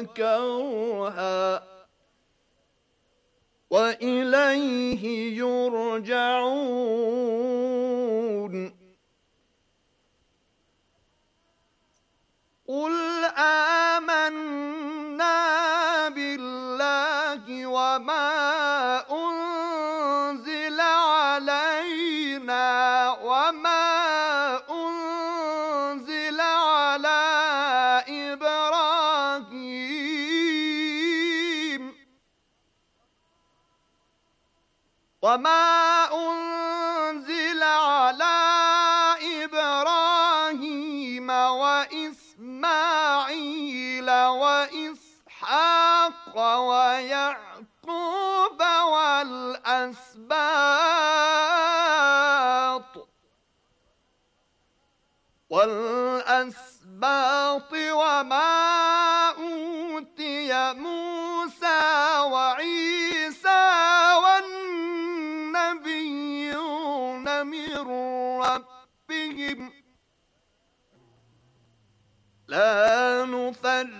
وكرها وإليه يرجعون يعقوب والأسباط والأسباط وما أوتي موسى وعيسى والنبيون من ربهم لا نفرق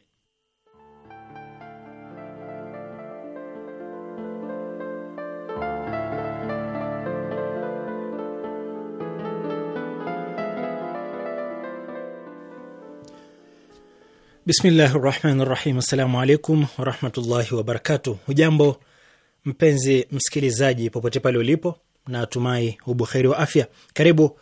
Bismillahi rahmani rahim. Assalamu alaikum warahmatullahi wabarakatu. Hujambo mpenzi msikilizaji, popote pale ulipo, na tumai ubuheri wa afya. Karibu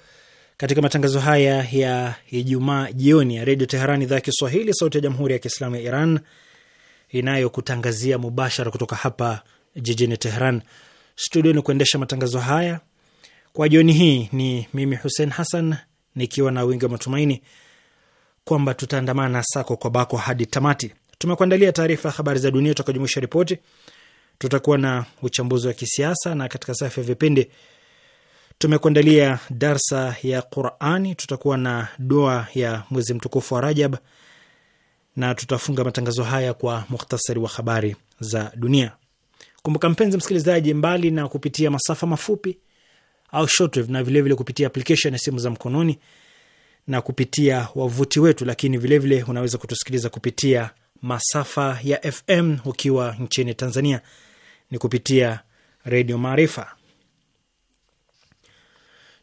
katika matangazo haya ya Ijumaa jioni ya Redio Teherani, idhaa ya Kiswahili, sauti ya Jamhuri ya Kiislamu ya Iran inayokutangazia mubashara kutoka hapa jijini Teheran. ni kuendesha matangazo haya kwa jioni hii ni mimi Hussein Hassan nikiwa na wingi wa matumaini kwamba tutaandamana sako kwa bako hadi tamati. Tumekuandalia taarifa ya habari za dunia tutakajumuisha ripoti, tutakuwa na uchambuzi wa kisiasa, na katika safu ya vipindi tumekuandalia darsa ya Qurani, tutakuwa na dua ya mwezi mtukufu wa Rajab na tutafunga matangazo haya kwa muhtasari wa habari za dunia. Kumbuka mpenzi msikilizaji, mbali na kupitia masafa mafupi au shortwave na vilevile vile kupitia aplikeshon ya simu za mkononi na kupitia wavuti wetu, lakini vilevile vile unaweza kutusikiliza kupitia masafa ya FM ukiwa nchini Tanzania ni kupitia Redio Maarifa.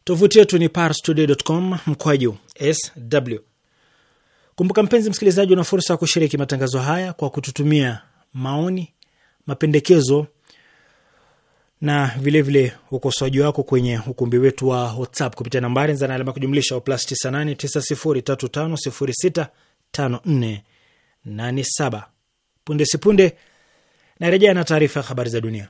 Tovuti yetu ni parstoday.com mkwaju sw. Kumbuka mpenzi msikilizaji, una fursa ya kushiriki matangazo haya kwa kututumia maoni, mapendekezo na vilevile ukosoaji wako kwenye ukumbi wetu wa WhatsApp kupitia nambari zana alama kujumlisha wa plus 989035065487. Punde sipunde narejea na taarifa ya habari za dunia.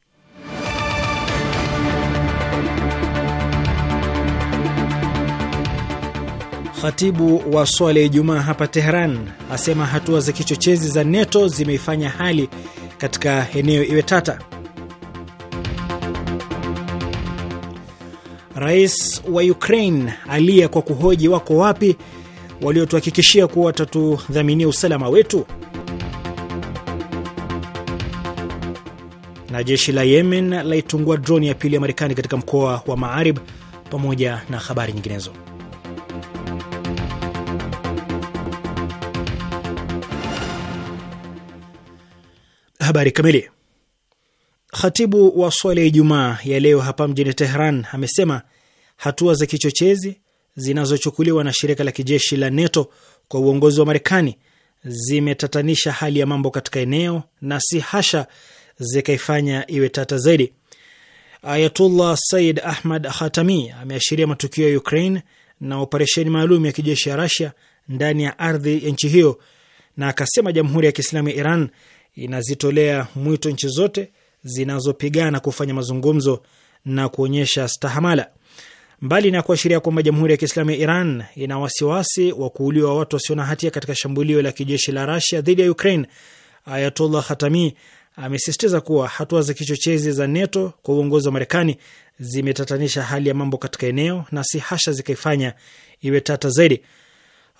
Khatibu wa swala ya Ijumaa hapa Teheran asema hatua za kichochezi za NETO zimeifanya hali katika eneo iwe tata. Rais wa Ukraine aliya kwa kuhoji wako wapi waliotuhakikishia kuwa watatudhaminia usalama wetu. Na jeshi la Yemen laitungua droni ya pili ya Marekani katika mkoa wa Maarib, pamoja na habari nyinginezo. Habari kamili. Khatibu wa swala ya Ijumaa ya leo hapa mjini Tehran amesema hatua za kichochezi zinazochukuliwa na shirika la kijeshi la NATO kwa uongozi wa Marekani zimetatanisha hali ya mambo katika eneo na si hasha zikaifanya iwe tata zaidi. Ayatullah Said Ahmad Khatami ameashiria matukio ya Ukraine na operesheni maalum ya kijeshi ya Rasia ndani ya ardhi ya nchi hiyo na akasema Jamhuri ya Kiislamu ya Iran inazitolea mwito nchi zote zinazopigana kufanya mazungumzo na kuonyesha stahamala. Mbali na kuashiria kwamba Jamhuri ya Kiislamu ya Iran ina wasiwasi wa kuuliwa watu wasio na hatia katika shambulio la kijeshi la Rasia dhidi ya Ukraine, Ayatollah Khatami amesisitiza kuwa hatua za kichochezi za NATO kwa uongozi wa Marekani zimetatanisha hali ya mambo katika eneo na si hasha zikaifanya iwe tata zaidi.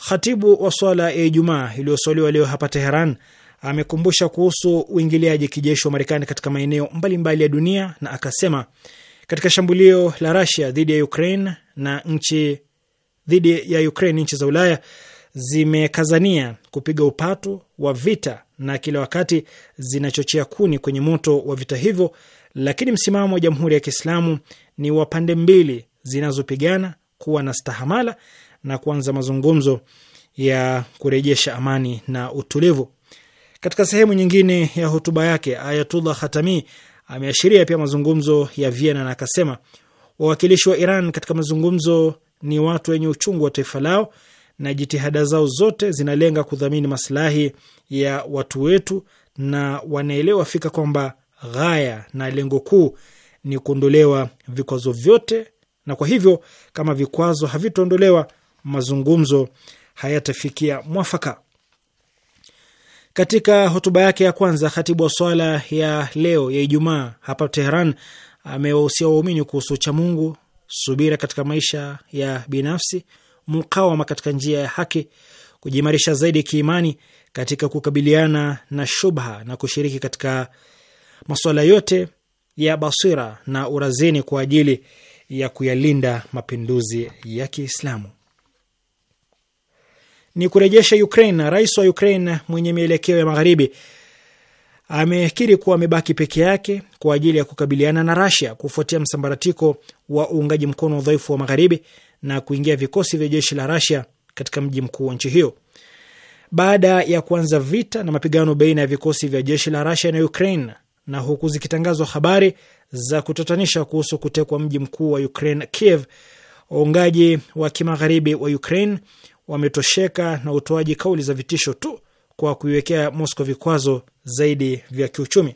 Khatibu wa swala ya Ijumaa iliyoswaliwa leo hapa Teheran amekumbusha kuhusu uingiliaji kijeshi wa Marekani katika maeneo mbalimbali ya dunia na akasema katika shambulio la rasia dhidi ya Ukraine na nchi dhidi ya Ukraine, nchi za Ulaya zimekazania kupiga upatu wa vita na kila wakati zinachochea kuni kwenye moto wa vita hivyo, lakini msimamo wa Jamhuri ya Kiislamu ni wa pande mbili zinazopigana kuwa na stahamala na kuanza mazungumzo ya kurejesha amani na utulivu. Katika sehemu nyingine ya hotuba yake, Ayatullah Khatami ameashiria pia mazungumzo ya Vienna na akasema wawakilishi wa Iran katika mazungumzo ni watu wenye uchungu wa taifa lao na jitihada zao zote zinalenga kudhamini masilahi ya watu wetu, na wanaelewa fika kwamba ghaya na lengo kuu ni kuondolewa vikwazo vyote, na kwa hivyo kama vikwazo havitoondolewa mazungumzo hayatafikia mwafaka. Katika hotuba yake ya kwanza, khatibu wa swala ya leo ya Ijumaa hapa Teheran amewahusia waumini kuhusu uchamungu, subira katika maisha ya binafsi, mukawama katika njia ya haki, kujiimarisha zaidi kiimani katika kukabiliana na shubha na kushiriki katika masuala yote ya basira na urazini kwa ajili ya kuyalinda mapinduzi ya Kiislamu ni kurejesha Ukraine. Rais wa Ukraine mwenye mielekeo ya magharibi amekiri kuwa amebaki peke yake kwa ajili ya kukabiliana na Russia kufuatia msambaratiko wa uungaji mkono wa udhaifu wa magharibi na kuingia vikosi vya jeshi la Russia katika mji mkuu wa nchi hiyo. Baada ya kuanza vita na mapigano baina ya vikosi vya jeshi la Russia na Ukraine, na huku zikitangazwa habari za kutatanisha kuhusu kutekwa mji mkuu wa Ukraine Kiev, waungaji wa kimagharibi wa Ukraine wametosheka na utoaji kauli za vitisho tu kwa kuiwekea Moscow vikwazo zaidi vya kiuchumi.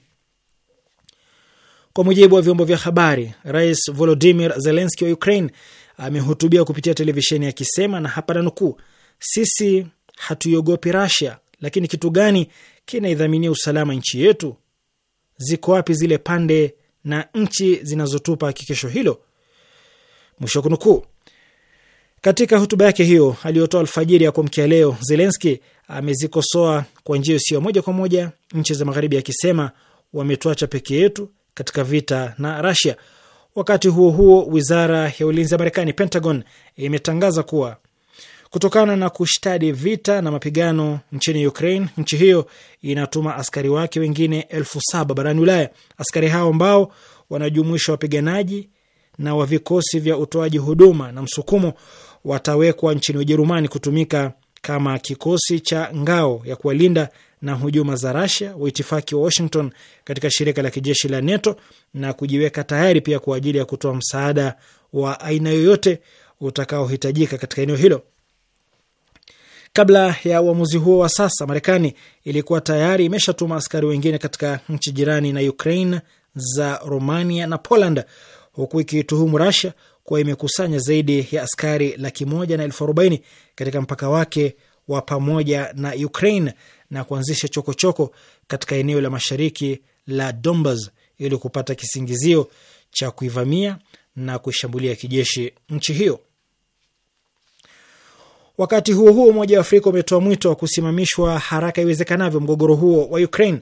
Kwa mujibu wa vyombo vya habari, Rais volodimir zelenski wa Ukraine amehutubia kupitia televisheni akisema, na hapa nanukuu, sisi hatuiogopi rasia lakini kitu gani kinaidhaminia usalama nchi yetu? Ziko wapi zile pande na nchi zinazotupa hakikisho hilo? Mwisho wa kunukuu. Katika hotuba yake hiyo aliyotoa alfajiri ya kuamkia leo, Zelenski amezikosoa kwa njia isiyo moja kwa moja nchi za Magharibi akisema wametuacha peke yetu katika vita na Rasia. Wakati huo huo, wizara ya ulinzi ya Marekani, Pentagon, imetangaza kuwa kutokana na kushtadi vita na mapigano nchini Ukraine, nchi hiyo inatuma askari wake wengine elfu saba barani Ulaya. Askari hao ambao wanajumuisha wapiganaji na wa vikosi vya utoaji huduma na msukumo watawekwa nchini Ujerumani kutumika kama kikosi cha ngao ya kuwalinda na hujuma za Rasia, waitifaki wa Washington katika shirika la kijeshi la NATO na kujiweka tayari pia kwa ajili ya kutoa msaada wa aina yoyote utakaohitajika katika eneo hilo. Kabla ya uamuzi huo wa sasa, Marekani ilikuwa tayari imeshatuma askari wengine katika nchi jirani na Ukraine za Romania na Poland, huku ikituhumu Rasia kuwa imekusanya zaidi ya askari laki moja na elfu arobaini katika mpaka wake wa pamoja na Ukraine na kuanzisha chokochoko choko katika eneo la mashariki la Donbas ili kupata kisingizio cha kuivamia na kuishambulia kijeshi nchi hiyo. Wakati huo huo, Umoja wa Afrika umetoa mwito wa kusimamishwa haraka iwezekanavyo mgogoro huo wa Ukraine.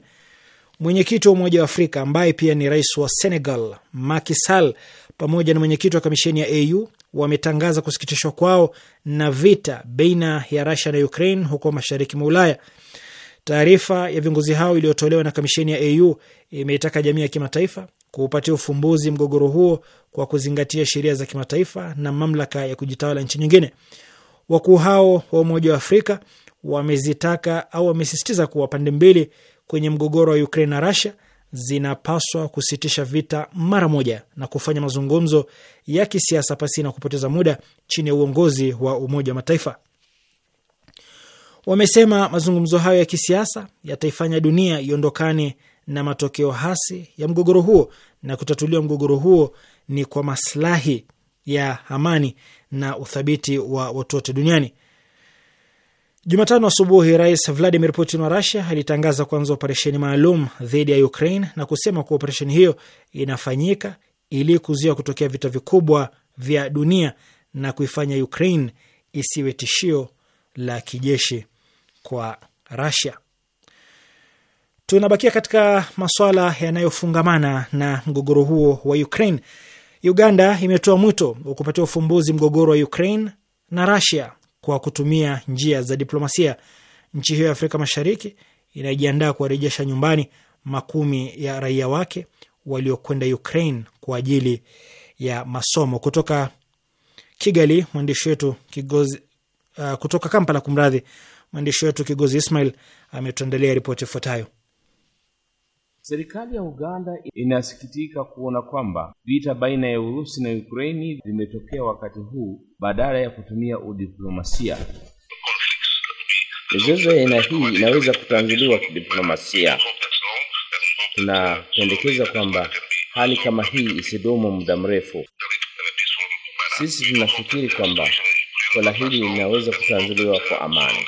Mwenyekiti wa Umoja wa Afrika ambaye pia ni rais wa Senegal Macky Sall pamoja na mwenyekiti wa kamisheni ya AU wametangaza kusikitishwa kwao na vita baina ya rasia na Ukraine huko mashariki mwa Ulaya. Taarifa ya viongozi hao iliyotolewa na kamisheni ya AU imeitaka jamii ya kimataifa kuupatia ufumbuzi mgogoro huo kwa kuzingatia sheria za kimataifa na mamlaka ya kujitawala nchi nyingine. Wakuu hao wa Umoja wa Afrika wamezitaka au wamesisitiza kuwa pande mbili kwenye mgogoro wa Ukraine na rasia zinapaswa kusitisha vita mara moja na kufanya mazungumzo ya kisiasa pasi na kupoteza muda chini ya uongozi wa Umoja wa Mataifa. Wamesema mazungumzo hayo ya kisiasa yataifanya dunia iondokane na matokeo hasi ya mgogoro huo, na kutatuliwa mgogoro huo ni kwa maslahi ya amani na uthabiti wa watu wote duniani. Jumatano asubuhi Rais Vladimir Putin wa Rusia alitangaza kuanza operesheni maalum dhidi ya Ukraine na kusema kuwa operesheni hiyo inafanyika ili kuzuia kutokea vita vikubwa vya dunia na kuifanya Ukraine isiwe tishio la kijeshi kwa Rusia. Tunabakia katika masuala yanayofungamana na mgogoro huo wa Ukraine. Uganda imetoa mwito wa kupatia ufumbuzi mgogoro wa Ukraine na Rusia kwa kutumia njia za diplomasia. Nchi hiyo ya Afrika Mashariki inajiandaa kuwarejesha nyumbani makumi ya raia wake waliokwenda Ukraine kwa ajili ya masomo. Kutoka Kigali, mwandishi wetu Kigozi, uh, kutoka Kampala, kumradhi, mwandishi wetu Kigozi Ismail ametuandalia ripoti ifuatayo. Serikali ya Uganda inasikitika kuona kwamba vita baina ya Urusi na Ukraini vimetokea wakati huu badala ya kutumia udiplomasia. Mizozo ya aina hii inaweza kutanzuliwa kidiplomasia. Tunapendekeza kwamba hali kama hii isidumu muda mrefu. Sisi tunafikiri kwamba swala hili linaweza kutanzuliwa kwa amani.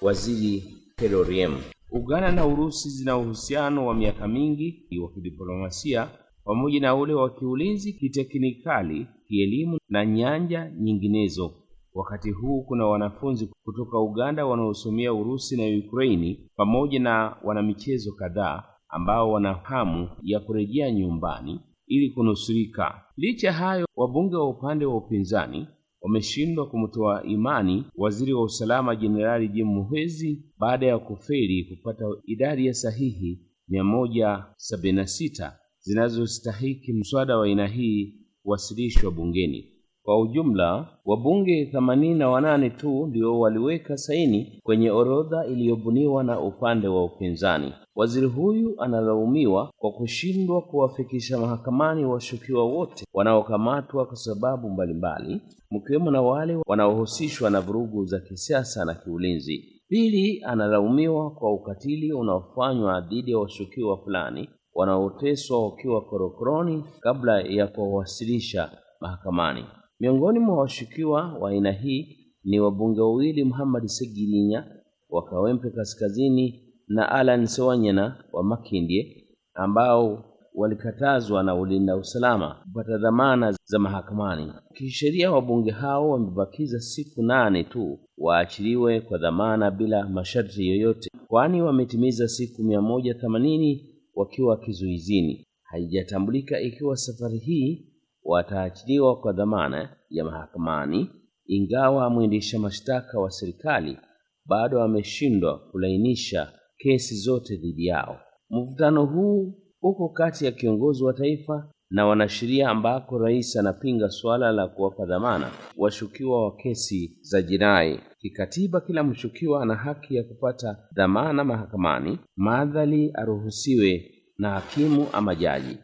Waziri Keroriem Uganda na Urusi zina uhusiano wa miaka mingi wa kidiplomasia pamoja na ule wa kiulinzi, kiteknikali, kielimu na nyanja nyinginezo. Wakati huu kuna wanafunzi kutoka Uganda wanaosomea Urusi na Ukraini pamoja na wanamichezo kadhaa ambao wana hamu ya kurejea nyumbani ili kunusurika. Licha hayo, wabunge wa upande wa upinzani wameshindwa kumtoa imani waziri wa usalama Jenerali Jim Muhwezi baada ya kufeli kupata idadi ya sahihi 176 zinazostahiki mswada wa aina hii kuwasilishwa bungeni. Kwa ujumla wabunge themanini na wanane tu ndio waliweka saini kwenye orodha iliyobuniwa na upande wa upinzani. Waziri huyu analaumiwa kwa kushindwa kuwafikisha mahakamani washukiwa wote wanaokamatwa kwa sababu mbalimbali, mkiwemo na wale wanaohusishwa na vurugu za kisiasa na kiulinzi. Pili, analaumiwa kwa ukatili unaofanywa dhidi ya washukiwa fulani wanaoteswa wakiwa korokoroni kabla ya kuwawasilisha mahakamani. Miongoni mwa washukiwa wa aina hii ni wabunge wawili Muhammad Segirinya wa Kawempe Kaskazini na Alan Sewanyana wa Makindye ambao walikatazwa na ulinda usalama kupata dhamana za mahakamani. Kisheria, wabunge hao wamebakiza siku nane tu waachiliwe kwa dhamana bila masharti yoyote, kwani wametimiza siku mia moja themanini wakiwa kizuizini. Haijatambulika ikiwa safari hii wataachiliwa kwa dhamana ya mahakamani, ingawa mwendesha mashtaka wa serikali bado ameshindwa kulainisha kesi zote dhidi yao. Mvutano huu uko kati ya kiongozi wa taifa na wanasheria, ambako rais anapinga suala la kuwapa dhamana washukiwa wa kesi za jinai. Kikatiba, kila mshukiwa ana haki ya kupata dhamana mahakamani, madhali aruhusiwe na hakimu ama jaji.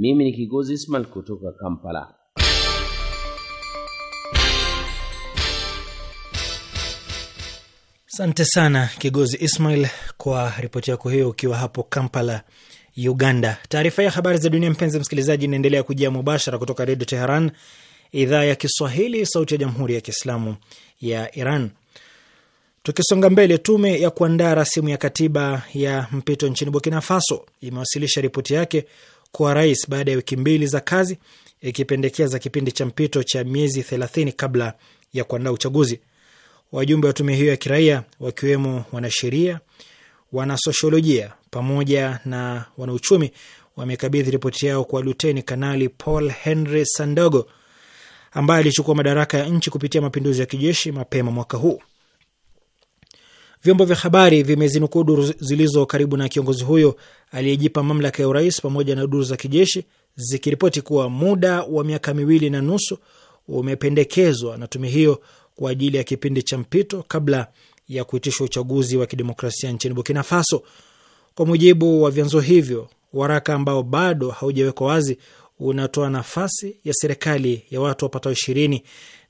Mimi ni Kigozi Ismail kutoka Kampala. Asante sana Kigozi Ismail kwa ripoti yako hiyo, ukiwa hapo Kampala, Uganda. Taarifa ya habari za dunia, mpenzi msikilizaji, inaendelea kujia mubashara kutoka Redio Teheran, idhaa ya Kiswahili, sauti ya Jamhuri ya Kiislamu ya Iran. Tukisonga mbele, tume ya kuandaa rasimu ya katiba ya mpito nchini Burkina Faso imewasilisha ripoti yake kuwa rais baada ya wiki mbili za kazi, ikipendekeza kipindi cha mpito cha miezi thelathini kabla ya kuandaa uchaguzi. Wajumbe wa tume hiyo ya kiraia wakiwemo wanasheria, wanasosiolojia pamoja na wanauchumi wamekabidhi ripoti yao kwa Luteni Kanali Paul Henry Sandogo ambaye alichukua madaraka ya nchi kupitia mapinduzi ya kijeshi mapema mwaka huu. Vyombo vya habari vimezinukuu duru zilizo karibu na kiongozi huyo aliyejipa mamlaka ya urais pamoja na duru za kijeshi zikiripoti kuwa muda wa miaka miwili na nusu umependekezwa na tume hiyo kwa ajili ya kipindi cha mpito kabla ya kuitishwa uchaguzi wa kidemokrasia nchini Burkina Faso. Kwa mujibu wa vyanzo hivyo, waraka ambao bado haujawekwa wazi unatoa nafasi ya serikali ya watu wapatao ishirini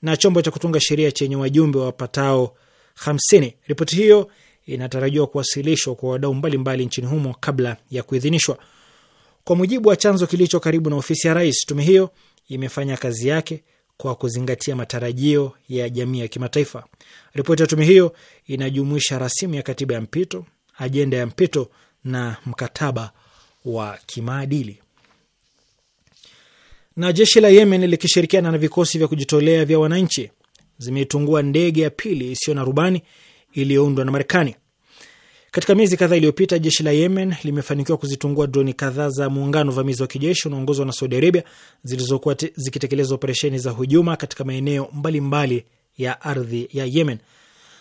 na chombo cha kutunga sheria chenye wajumbe wapatao 50. Ripoti hiyo inatarajiwa kuwasilishwa kwa wadau mbalimbali nchini humo kabla ya kuidhinishwa. Kwa mujibu wa chanzo kilicho karibu na ofisi ya rais, tume hiyo imefanya kazi yake kwa kuzingatia matarajio ya jamii ya kimataifa. Ripoti ya tume hiyo inajumuisha rasimu ya katiba ya mpito, ajenda ya mpito na mkataba wa kimaadili. Na jeshi la Yemen likishirikiana na vikosi vya kujitolea vya wananchi zimetungua ndege ya pili isiyo na rubani iliyoundwa na Marekani. Katika miezi kadhaa iliyopita, jeshi la Yemen limefanikiwa kuzitungua droni kadhaa za muungano vamizi wa kijeshi unaongozwa na Saudi Arabia zilizokuwa zikitekeleza operesheni za hujuma katika maeneo mbalimbali ya ardhi ya Yemen.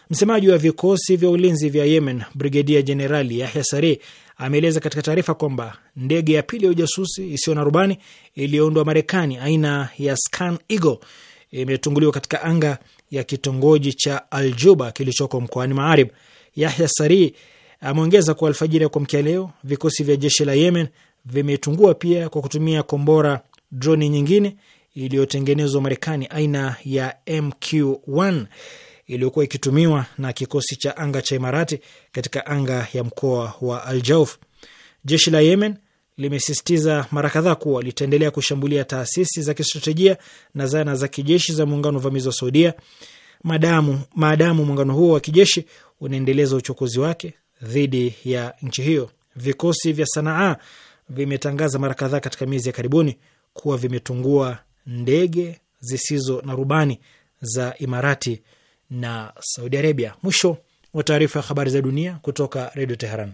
Msemaji wa vikosi vya ulinzi vya Yemen, Brigedia Jenerali Yahya sare ameeleza katika taarifa kwamba ndege ya pili ya ujasusi isiyo na rubani iliyoundwa Marekani aina ya Scan Eagle imetunguliwa katika anga ya kitongoji cha Aljuba kilichoko mkoani Maarib. Yahya Sari ameongeza kuwa alfajiri ya kuamkia leo vikosi vya jeshi la Yemen vimetungua pia kwa kutumia kombora droni nyingine iliyotengenezwa Marekani aina ya MQ1 iliyokuwa ikitumiwa na kikosi cha anga cha Imarati katika anga ya mkoa wa Aljauf. Jeshi la Yemen limesisitiza mara kadhaa kuwa litaendelea kushambulia taasisi za kistratejia na zana za kijeshi za muungano uvamizi wa Saudia maadamu maadamu muungano huo wa kijeshi unaendeleza uchokozi wake dhidi ya nchi hiyo. Vikosi vya Sanaa vimetangaza mara kadhaa katika miezi ya karibuni kuwa vimetungua ndege zisizo na rubani za Imarati na Saudi Arabia. Mwisho wa taarifa ya habari za dunia kutoka Redio Teheran.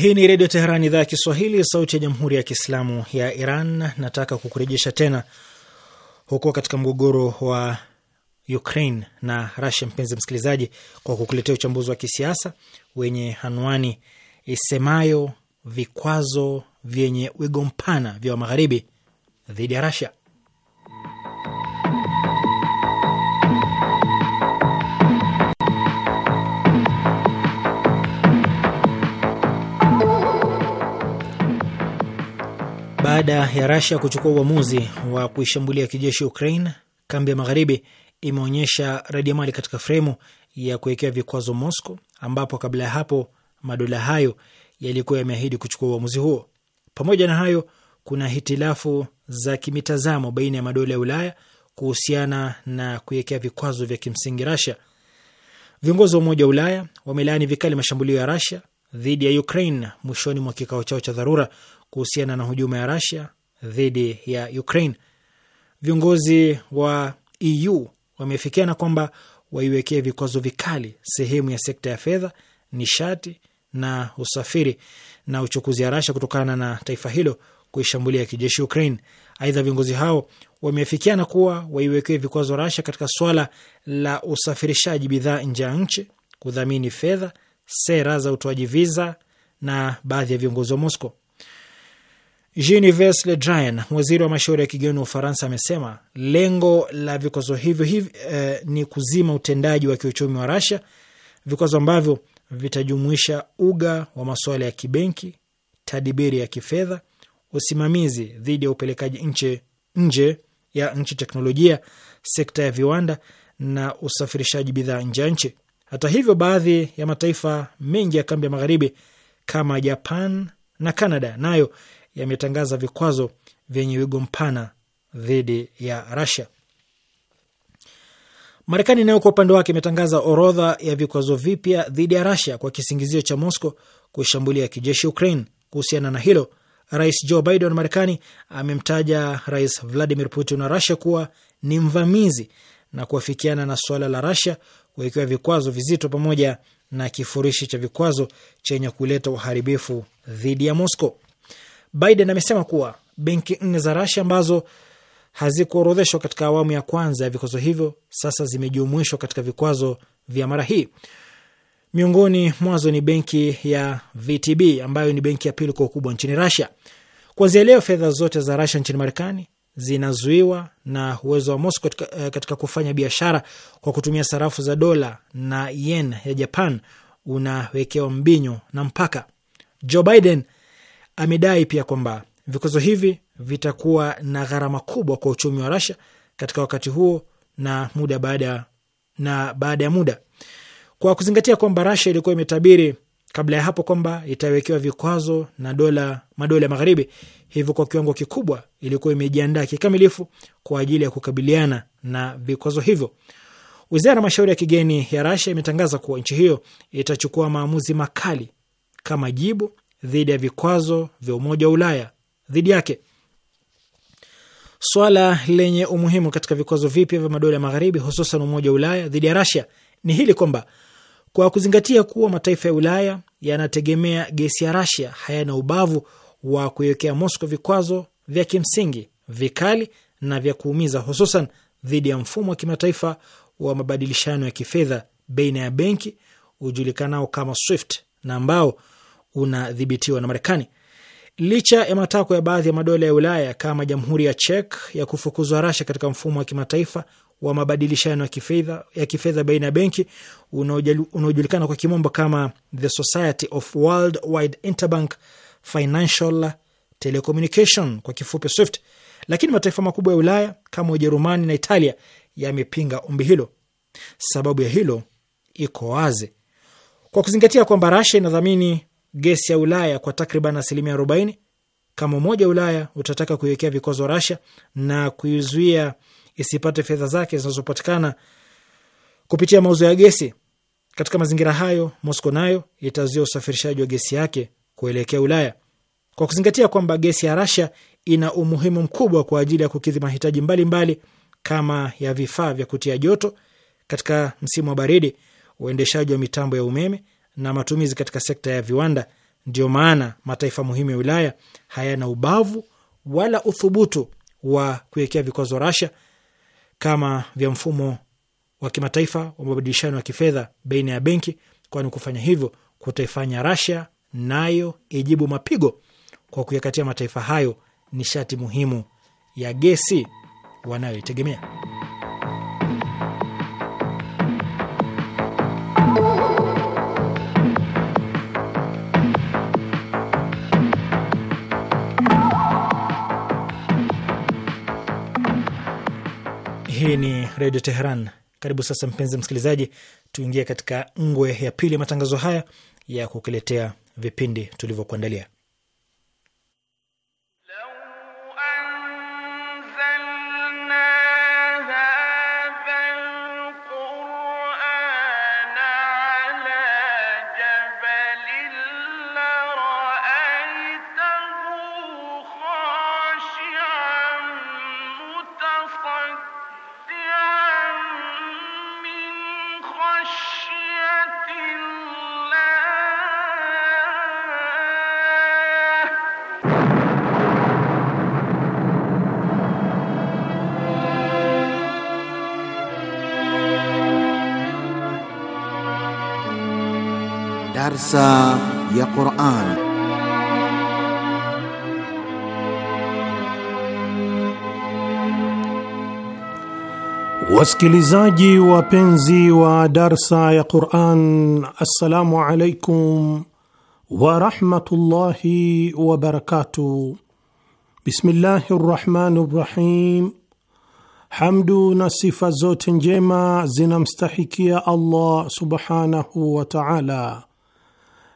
Hii ni Redio Teheran, idhaa ya Kiswahili, sauti ya Jamhuri ya Kiislamu ya Iran. Nataka kukurejesha tena huko katika mgogoro wa Ukraine na Rasia, mpenzi msikilizaji, kwa kukuletea uchambuzi wa kisiasa wenye anwani isemayo vikwazo vyenye wigo mpana vya Wamagharibi dhidi ya Rasia. Baada ya Rasia kuchukua uamuzi wa kuishambulia kijeshi Ukraine, kambi ya magharibi imeonyesha radiamali katika fremu ya kuwekea vikwazo Moscow, ambapo kabla ya hapo madola hayo yalikuwa yameahidi kuchukua uamuzi huo. Pamoja na hayo, kuna hitilafu za kimitazamo baina ya madola ya Ulaya kuhusiana na kuwekea vikwazo vya kimsingi Rasia. Viongozi wa Umoja wa Ulaya wamelaani vikali mashambulio ya Rasia dhidi ya Ukraine mwishoni mwa kikao chao cha dharura kuhusiana na hujuma ya Rasia dhidi ya Ukraine. Viongozi wa EU wamefikiana kwamba waiwekee vikwazo vikali sehemu ya sekta ya fedha, nishati na usafiri na uchukuzi ya Rasha kutokana na taifa hilo kuishambulia kijeshi Ukraine. Aidha, viongozi hao wameafikiana kuwa waiwekee vikwazo Rasha katika swala la usafirishaji bidhaa nje ya nchi, kudhamini fedha, sera za utoaji viza na baadhi ya viongozi wa Moscow. Jean-Yves Le Drian, waziri wa mashauri ya kigeni wa Ufaransa, amesema lengo la vikwazo hivyo hivi, eh, ni kuzima utendaji wa kiuchumi wa Russia, vikwazo ambavyo vitajumuisha uga wa masuala ya kibenki, tadibiri ya kifedha, usimamizi dhidi ya upelekaji nje, nje ya nchi teknolojia, sekta ya viwanda na usafirishaji bidhaa nje ya nchi. Hata hivyo, baadhi ya mataifa mengi ya kambi ya magharibi kama Japan na Canada nayo yametangaza vikwazo vyenye wigo mpana dhidi ya Rasia. Marekani nayo kwa upande wake imetangaza orodha ya vikwazo vipya dhidi ya rasia kwa kisingizio cha mosco kushambulia kijeshi Ukraine. Kuhusiana na hilo, Rais Joe Biden wa Marekani amemtaja Rais Vladimir Putin wa rasia kuwa ni mvamizi na kuafikiana na suala la rasia kuwekewa vikwazo vizito pamoja na kifurishi cha vikwazo chenye kuleta uharibifu dhidi ya Moscow. Biden amesema kuwa benki nne za Rasia ambazo hazikuorodheshwa katika awamu ya kwanza ya vikwazo hivyo sasa zimejumuishwa katika vikwazo vya mara hii. Miongoni mwazo ni benki ya VTB ambayo ni benki ya pili kwa ukubwa nchini Rasia. Kuanzia leo fedha zote za Rasia nchini Marekani zinazuiwa na uwezo wa Moscow katika, eh, katika kufanya biashara kwa kutumia sarafu za dola na yen ya Japan unawekewa mbinyo na mpaka. Joe Biden Amedai pia kwamba vikwazo hivi vitakuwa na gharama kubwa kwa uchumi wa Russia katika wakati huo na muda baada na baada ya muda, kwa kuzingatia kwamba Russia ilikuwa imetabiri kabla ya hapo kwamba itawekewa vikwazo na dola madola ya Magharibi, hivyo kwa kiwango kikubwa ilikuwa imejiandaa kikamilifu kwa ajili ya kukabiliana na vikwazo hivyo. Wizara ya mashauri ya kigeni ya Russia imetangaza kuwa nchi hiyo itachukua maamuzi makali kama jibu dhidi ya vikwazo vya Umoja wa Ulaya dhidi yake. Swala lenye umuhimu katika vikwazo vipya vya madola ya Magharibi, hususan Umoja wa Ulaya dhidi ya Rasia ni hili kwamba kwa kuzingatia kuwa mataifa ya Ulaya yanategemea gesi ya Rasia hayana ubavu wa kuiwekea Moscow vikwazo vya kimsingi vikali na vya kuumiza, hususan dhidi ya mfumo wa kimataifa wa mabadilishano ya kifedha baina ya benki ujulikanao kama SWIFT na ambao unadhibitiwa na Marekani. Licha ya matakwa ya baadhi ya madola ya Ulaya kama Jamhuri ya Czech ya kufukuzwa Rasha katika mfumo wa kimataifa wa mabadilishano ya kifedha baina ya benki unaojulikana kwa kimombo kama The Society of Worldwide Interbank Financial Telecommunication, kwa kifupi SWIFT, lakini mataifa makubwa ya Ulaya kama Ujerumani na Italia yamepinga ombi hilo. Sababu ya hilo iko wazi, kwa kuzingatia kwamba Rasha inadhamini gesi ya Ulaya kwa takriban asilimia 40. Kama Umoja wa Ulaya utataka kuiwekea vikwazo rasha na kuizuia isipate fedha zake zinazopatikana kupitia mauzo ya gesi. Katika mazingira hayo, Moscow nayo itazuia usafirishaji wa gesi yake kuelekea Ulaya kwa kuzingatia kwamba gesi ya Russia ina umuhimu mkubwa kwa ajili ya kukidhi mahitaji mbalimbali mbali, kama ya vifaa vya kutia joto katika msimu wa baridi, uendeshaji wa mitambo ya umeme na matumizi katika sekta ya viwanda. ndio maana mataifa muhimu ya Ulaya hayana ubavu wala uthubutu wa kuwekea vikwazo Rasha kama vya mfumo wa kimataifa wa mabadilishano ya kifedha baina ya benki, kwani kufanya hivyo kutaifanya Rasia nayo ijibu mapigo kwa kuyakatia mataifa hayo nishati muhimu ya gesi wanayoitegemea. Hii ni Redio Teheran. Karibu sasa, mpenzi msikilizaji, tuingie katika ngwe ya pili ya matangazo haya ya kukuletea vipindi tulivyokuandalia. ya Qur'an. Wasikilizaji wapenzi wa darsa ya Qur'an, assalamu alaikum wa wabarakatuh wa barakatuh. Bismillahi rrahmani rrahim. Hamdu na sifa zote njema zinamstahikia Allah subhanahu wa ta'ala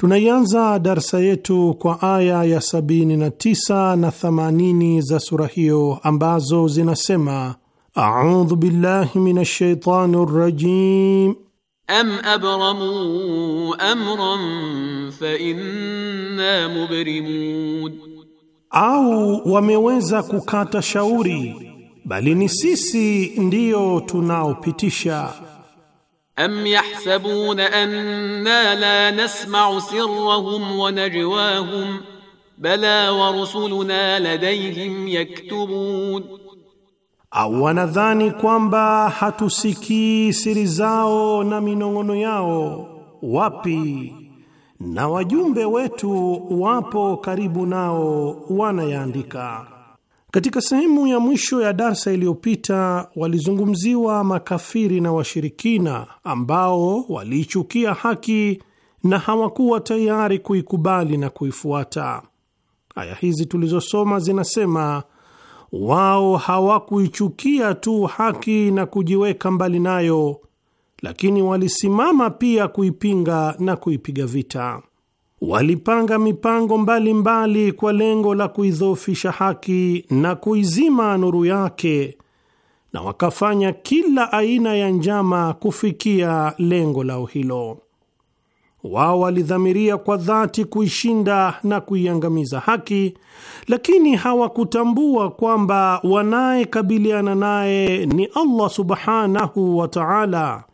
Tunaianza darsa yetu kwa aya ya 79 na 80 za sura hiyo ambazo zinasema: audhu billahi minash shaitani rajim am abramu amran fa inna mubrimun, au wameweza kukata shauri, bali ni sisi ndiyo tunaopitisha am yahsabuna anna la nasma'u sirrahum wa najwahum bala wa rusuluna ladayhim yaktubun, au wanadhani kwamba hatusikii siri zao na minong'ono yao? Wapi, na wajumbe wetu wapo karibu nao wanayaandika. Katika sehemu ya mwisho ya darsa iliyopita walizungumziwa makafiri na washirikina ambao waliichukia haki na hawakuwa tayari kuikubali na kuifuata. Aya hizi tulizosoma zinasema wao hawakuichukia tu haki na kujiweka mbali nayo, lakini walisimama pia kuipinga na kuipiga vita walipanga mipango mbalimbali mbali kwa lengo la kuidhoofisha haki na kuizima nuru yake, na wakafanya kila aina ya njama kufikia lengo lao hilo. Wao walidhamiria kwa dhati kuishinda na kuiangamiza haki, lakini hawakutambua kwamba wanayekabiliana naye ni Allah subhanahu wa ta'ala,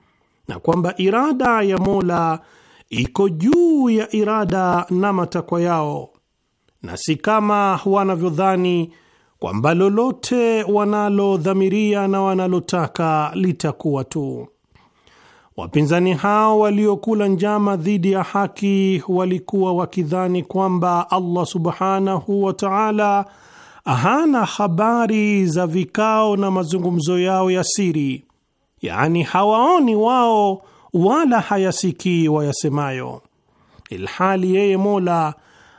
na kwamba irada ya Mola iko juu ya irada na matakwa yao, na si kama wanavyodhani kwamba lolote wanalodhamiria na wanalotaka litakuwa tu. Wapinzani hao waliokula njama dhidi ya haki walikuwa wakidhani kwamba Allah subhanahu wa taala hana habari za vikao na mazungumzo yao ya siri, yaani hawaoni wao wala hayasikii wayasemayo, ilhali yeye Mola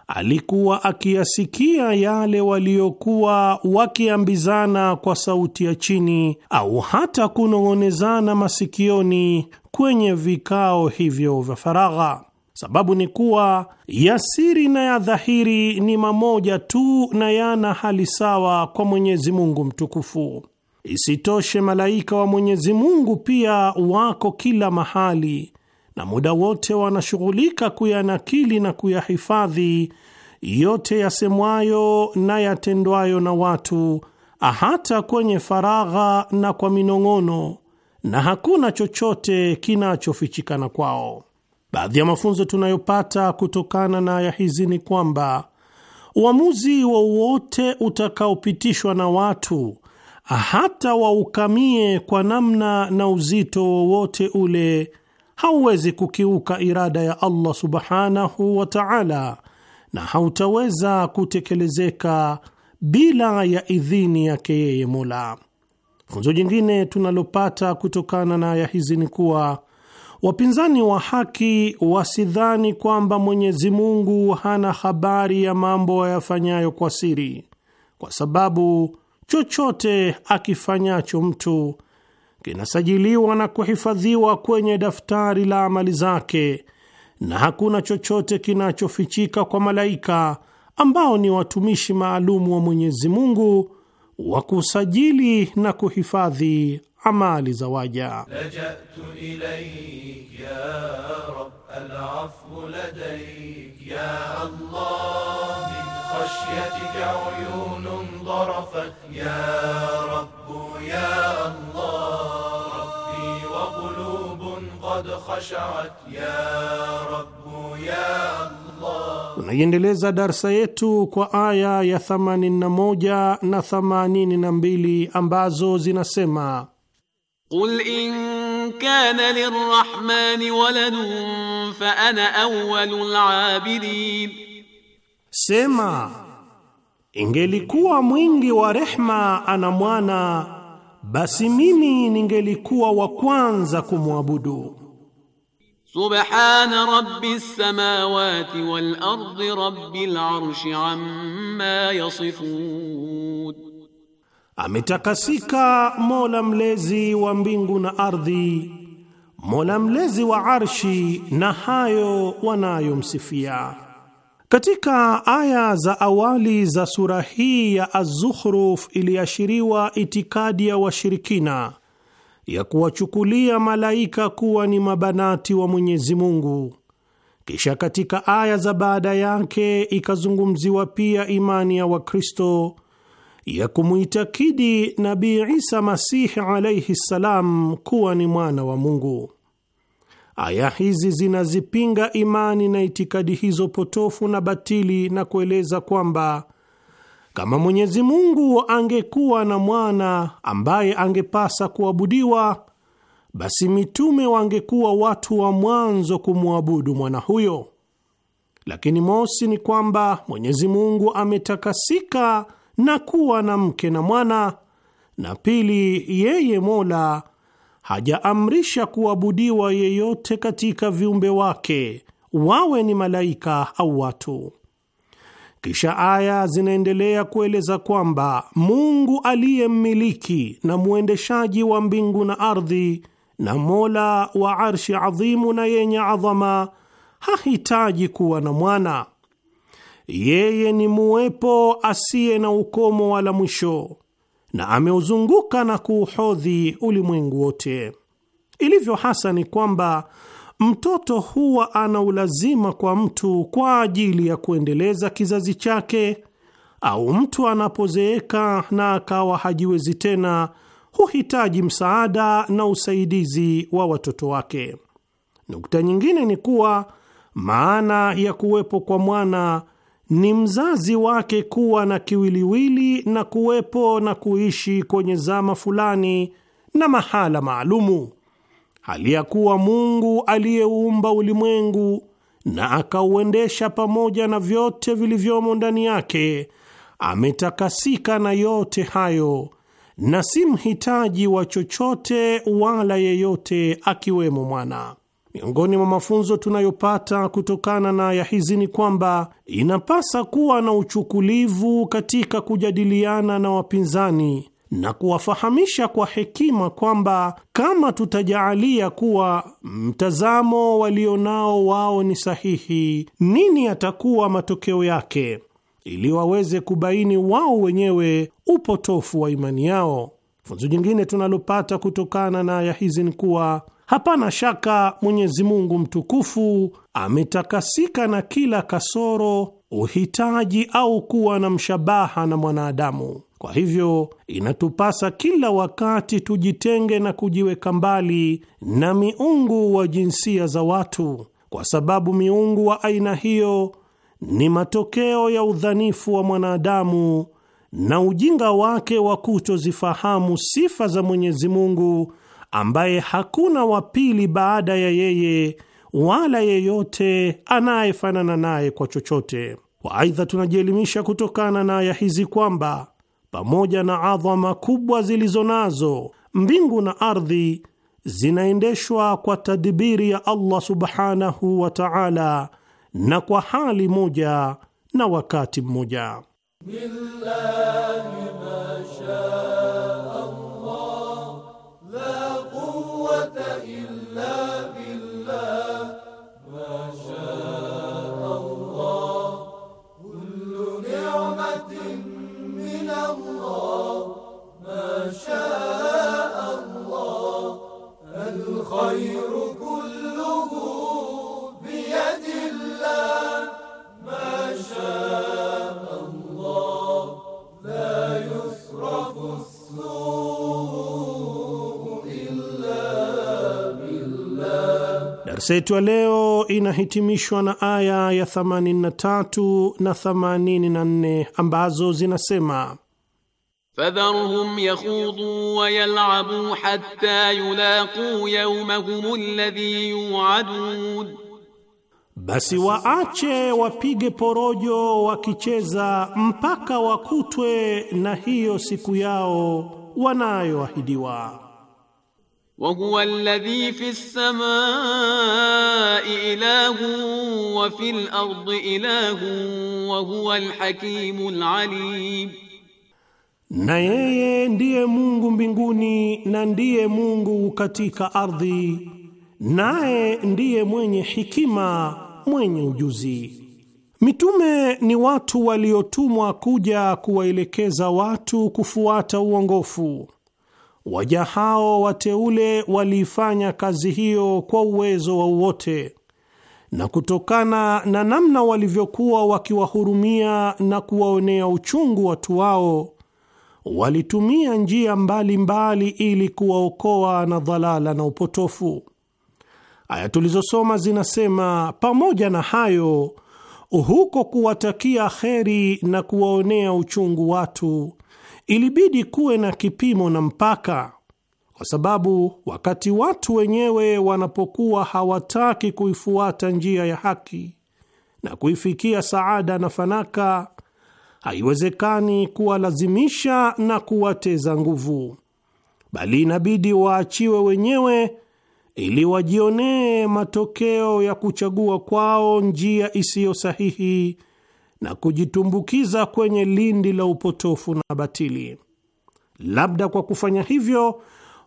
alikuwa akiyasikia yale waliokuwa wakiambizana kwa sauti ya chini au hata kunong'onezana masikioni kwenye vikao hivyo vya faragha. Sababu ni kuwa ya siri na ya dhahiri ni mamoja tu na yana hali sawa kwa Mwenyezi Mungu mtukufu. Isitoshe, malaika wa Mwenyezi Mungu pia wako kila mahali na muda wote wanashughulika kuyanakili na kuyahifadhi yote yasemwayo na yatendwayo na watu, hata kwenye faragha na kwa minong'ono, na hakuna chochote kinachofichikana kwao. Baadhi ya mafunzo tunayopata kutokana na aya hizi ni kwamba uamuzi wowote utakaopitishwa na watu hata waukamie kwa namna na uzito wowote ule, hauwezi kukiuka irada ya Allah subhanahu wa ta'ala, na hautaweza kutekelezeka bila ya idhini yake yeye Mola. Funzo jingine tunalopata kutokana na aya hizi ni kuwa wapinzani wa haki wasidhani kwamba Mwenyezi Mungu hana habari ya mambo ayafanyayo kwa siri, kwa sababu chochote akifanyacho mtu kinasajiliwa na kuhifadhiwa kwenye daftari la amali zake, na hakuna chochote kinachofichika kwa malaika ambao ni watumishi maalumu wa Mwenyezi Mungu wa kusajili na kuhifadhi أعمال زواجا لجأت إليك يا رب العفو لديك يا الله من خشيتك عيون ضرفت يا رب يا الله ربي وقلوب قد خشعت يا رب يا الله Tunaiendeleza darsa yetu kwa aya ya 81 na 82 ambazo zinasema قل إن كان للرحمن ولد فأنا أول العابدين Sema, ingelikuwa mwingi wa rehma ana mwana, basi mimi ningelikuwa wa kwanza kumwabudu. Subhana rabbis samawati wal ardi rabbil arshi amma yasifun Ametakasika Mola mlezi wa mbingu na ardhi, Mola mlezi wa arshi na hayo wanayomsifia. Katika aya za awali za sura hii ya Az-Zukhruf iliashiriwa itikadi ya washirikina ya kuwachukulia malaika kuwa ni mabanati wa Mwenyezi Mungu. Kisha katika aya za baada yake ikazungumziwa pia imani ya Wakristo ya kumuitakidi Nabii Isa Masihi alaihi ssalam kuwa ni mwana wa Mungu. Aya hizi zinazipinga imani na itikadi hizo potofu na batili na kueleza kwamba kama Mwenyezi Mungu angekuwa na mwana ambaye angepasa kuabudiwa, basi mitume wangekuwa watu wa mwanzo kumwabudu mwana huyo. Lakini mosi ni kwamba Mwenyezi Mungu ametakasika na kuwa na mke na mwana, na pili, yeye Mola hajaamrisha kuabudiwa yeyote katika viumbe wake, wawe ni malaika au watu. Kisha aya zinaendelea kueleza kwamba Mungu aliye mmiliki na mwendeshaji wa mbingu na ardhi na Mola wa arshi adhimu na yenye adhama hahitaji kuwa na mwana yeye ni muwepo asiye na ukomo wala mwisho, na ameuzunguka na kuuhodhi ulimwengu wote. Ilivyo hasa ni kwamba mtoto huwa ana ulazima kwa mtu kwa ajili ya kuendeleza kizazi chake, au mtu anapozeeka na akawa hajiwezi tena, huhitaji msaada na usaidizi wa watoto wake. Nukta nyingine ni kuwa maana ya kuwepo kwa mwana ni mzazi wake kuwa na kiwiliwili na kuwepo na kuishi kwenye zama fulani na mahala maalumu, hali ya kuwa Mungu aliyeuumba ulimwengu na akauendesha pamoja na vyote vilivyomo ndani yake ametakasika na yote hayo na si mhitaji wa chochote wala yeyote akiwemo mwana. Miongoni mwa mafunzo tunayopata kutokana na aya hizi ni kwamba inapasa kuwa na uchukulivu katika kujadiliana na wapinzani na kuwafahamisha kwa hekima kwamba kama tutajaalia kuwa mtazamo walionao wao ni sahihi, nini atakuwa matokeo yake, ili waweze kubaini wao wenyewe upotofu wa imani yao. Funzo jingine tunalopata kutokana na aya hizi ni kuwa Hapana shaka Mwenyezi Mungu mtukufu ametakasika na kila kasoro, uhitaji au kuwa na mshabaha na mwanadamu. Kwa hivyo inatupasa kila wakati tujitenge na kujiweka mbali na miungu wa jinsia za watu, kwa sababu miungu wa aina hiyo ni matokeo ya udhanifu wa mwanadamu na ujinga wake wa kutozifahamu sifa za Mwenyezi Mungu ambaye hakuna wa pili baada ya yeye wala yeyote anayefanana naye kwa chochote. Waaidha, tunajielimisha kutokana na aya hizi kwamba pamoja na adhama kubwa zilizo nazo mbingu na ardhi, zinaendeshwa kwa tadbiri ya Allah subhanahu wa ta'ala, na kwa hali moja na wakati mmoja. شاء الله الخير كله بيد الله ما شاء الله لا يصرف السوء إلا بالله. Darsa yetu ya leo inahitimishwa na aya ya 83 na 84 ambazo zinasema Fadharhum yakhudu wa yal'abu hatta yulaqu yawmahum alladhi yu'adun, basi waache wapige porojo wakicheza mpaka wakutwe na hiyo siku yao wanayoahidiwa. Wa huwa alladhi fi ssamai ilahu wa fil ardi ilahu wa huwa alhakimul alim na yeye ndiye Mungu mbinguni na ndiye Mungu katika ardhi, naye ndiye mwenye hikima, mwenye ujuzi. Mitume ni watu waliotumwa kuja kuwaelekeza watu kufuata uongofu. Waja hao wateule waliifanya kazi hiyo kwa uwezo wao wote, na kutokana na namna walivyokuwa wakiwahurumia na kuwaonea uchungu watu wao walitumia njia mbalimbali ili kuwaokoa na dhalala na upotofu. Aya tulizosoma zinasema, pamoja na hayo, huko kuwatakia kheri na kuwaonea uchungu watu, ilibidi kuwe na kipimo na mpaka, kwa sababu wakati watu wenyewe wanapokuwa hawataki kuifuata njia ya haki na kuifikia saada na fanaka haiwezekani kuwalazimisha na kuwateza nguvu, bali inabidi waachiwe wenyewe ili wajionee matokeo ya kuchagua kwao njia isiyo sahihi na kujitumbukiza kwenye lindi la upotofu na batili. Labda kwa kufanya hivyo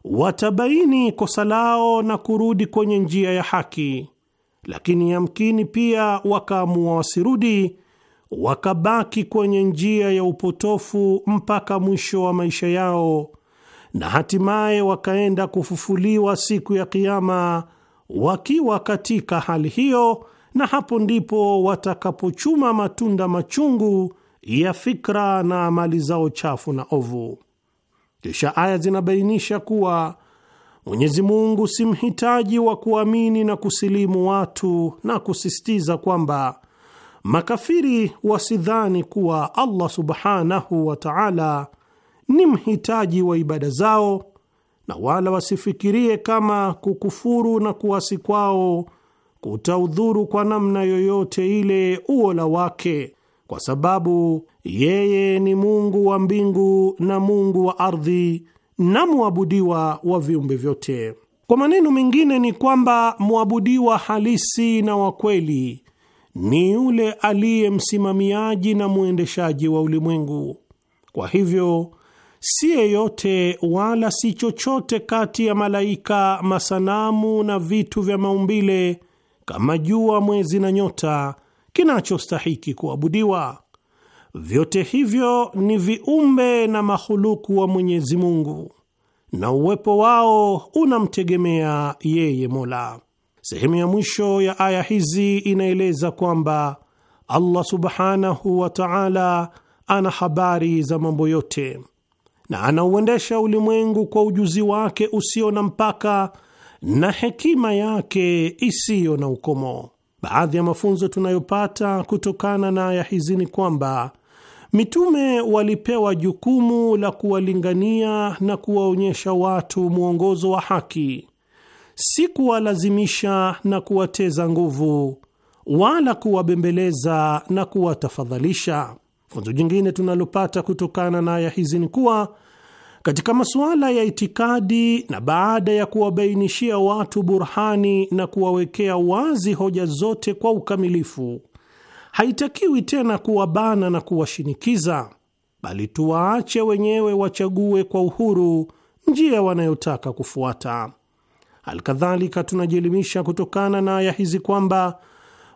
watabaini kosa lao na kurudi kwenye njia ya haki, lakini yamkini pia wakaamua wasirudi wakabaki kwenye njia ya upotofu mpaka mwisho wa maisha yao, na hatimaye wakaenda kufufuliwa siku ya Kiama wakiwa katika hali hiyo, na hapo ndipo watakapochuma matunda machungu ya fikra na amali zao chafu na ovu. Kisha aya zinabainisha kuwa Mwenyezi Mungu si mhitaji wa kuamini na kusilimu watu na kusisitiza kwamba makafiri wasidhani kuwa Allah subhanahu wa ta'ala ni mhitaji wa ibada zao, na wala wasifikirie kama kukufuru na kuasi kwao kutaudhuru kwa namna yoyote ile uola wake, kwa sababu yeye ni Mungu wa mbingu na Mungu wa ardhi na mwabudiwa wa viumbe vyote. Kwa maneno mengine, ni kwamba mwabudiwa halisi na wa kweli ni yule aliye msimamiaji na mwendeshaji wa ulimwengu. Kwa hivyo si yeyote wala si chochote kati ya malaika, masanamu na vitu vya maumbile kama jua, mwezi na nyota kinachostahiki kuabudiwa. Vyote hivyo ni viumbe na mahuluku wa Mwenyezi Mungu, na uwepo wao unamtegemea yeye Mola. Sehemu ya mwisho ya aya hizi inaeleza kwamba Allah subhanahu wa ta'ala ana habari za mambo yote na anauendesha ulimwengu kwa ujuzi wake usio na mpaka na hekima yake isiyo na ukomo. Baadhi ya mafunzo tunayopata kutokana na aya hizi ni kwamba mitume walipewa jukumu la kuwalingania na kuwaonyesha watu mwongozo wa haki si kuwalazimisha na kuwateza nguvu wala kuwabembeleza na kuwatafadhalisha. Funzo jingine tunalopata kutokana na aya hizi ni kuwa katika masuala ya itikadi, na baada ya kuwabainishia watu burhani na kuwawekea wazi hoja zote kwa ukamilifu, haitakiwi tena kuwabana na kuwashinikiza, bali tuwaache wenyewe wachague kwa uhuru njia wanayotaka kufuata. Alkadhalika, tunajielimisha kutokana na aya hizi kwamba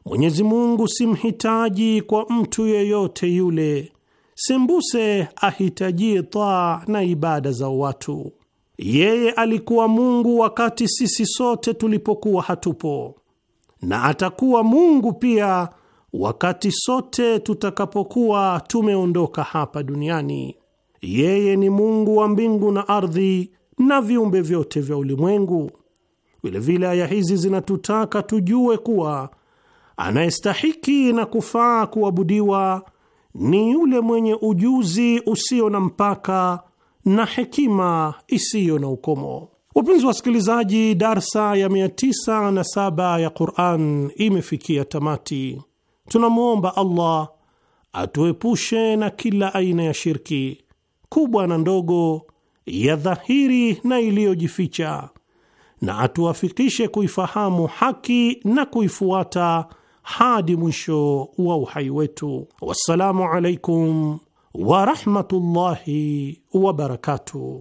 Mwenyezi Mungu si mhitaji kwa mtu yeyote yule, sembuse ahitajie taa na ibada za watu. Yeye alikuwa Mungu wakati sisi sote tulipokuwa hatupo, na atakuwa Mungu pia wakati sote tutakapokuwa tumeondoka hapa duniani. Yeye ni Mungu wa mbingu na ardhi na viumbe vyote vya ulimwengu. Vilevile aya hizi zinatutaka tujue kuwa anayestahiki na kufaa kuabudiwa ni yule mwenye ujuzi usio na mpaka na hekima isiyo na ukomo. Wapenzi wasikilizaji, darsa ya 97 ya Quran imefikia tamati. Tunamwomba Allah atuepushe na kila aina ya shirki kubwa na ndogo, ya dhahiri na iliyojificha na atuafikishe kuifahamu haki na kuifuata hadi mwisho wa uhai wetu. Wassalamu alaikum warahmatullahi wabarakatuh.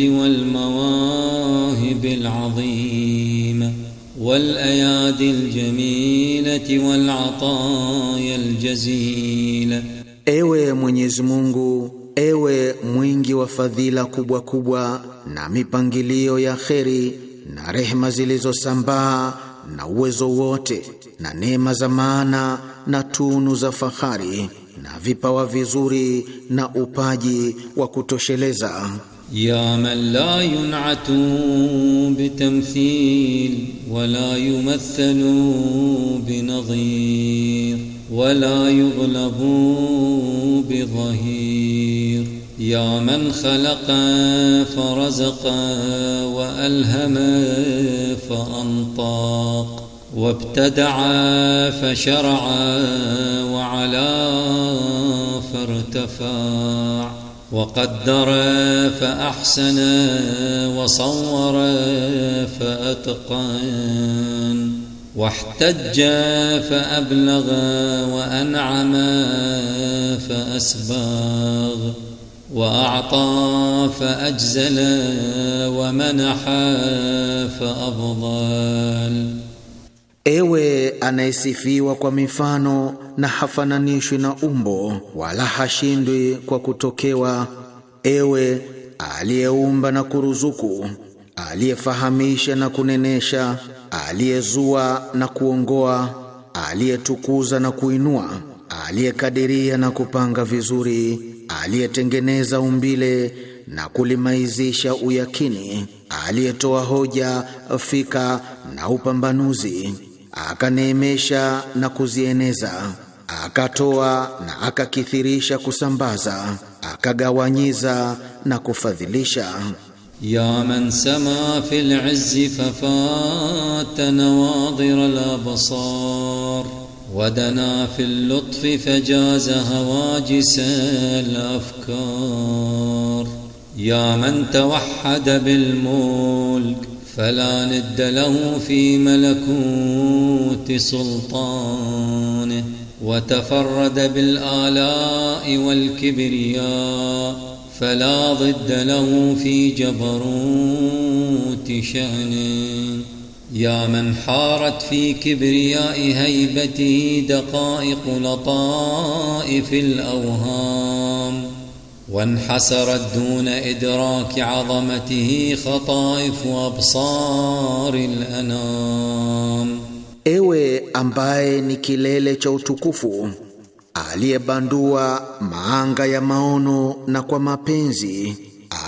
والمواهب العظيمة والأياد الجميلة والعطايا الجزيلة Ewe Mwenyezi Mungu, ewe mwingi wa fadhila kubwa kubwa na mipangilio ya kheri na rehema zilizosambaa na uwezo wote na neema za maana na tunu za fahari na vipawa vizuri na upaji wa kutosheleza. يا من لا ينعت بتمثيل ولا يمثل بنظير ولا يغلب بظهير يا من خلق فرزق وألهم فأنطاق وابتدع فشرع وعلا فارتفع وقدر فأحسن وصور فأتقن واحتج فأبلغ وأنعم فأسباغ وأعطى فأجزل ومنح فأفضل ايوه anayesifiwa kwa mifano na hafananishwi na umbo wala hashindwi kwa kutokewa. Ewe aliyeumba na kuruzuku, aliyefahamisha na kunenesha, aliyezua na kuongoa, aliyetukuza na kuinua, aliyekadiria na kupanga vizuri, aliyetengeneza umbile na kulimaizisha uyakini, aliyetoa hoja, fika na upambanuzi, akaneemesha na kuzieneza akatoa na akakithirisha kusambaza, akagawanyiza na kufadhilisha. ya man sama fil izzi fafata nawadhir al absar ودنا في اللطف فجاز هواجس الافكار يا من توحد بالملك فلا ند له في ملكوت سلطانه وتفرد بالآلاء والكبرياء فلا ضد له في جبروت شأن يا من حارت في كبرياء هيبته دقائق لطائف الأوهام وانحسرت دون إدراك عظمته خطائف أبصار الأنام Ewe ambaye ni kilele cha utukufu, aliyebandua maanga ya maono na kwa mapenzi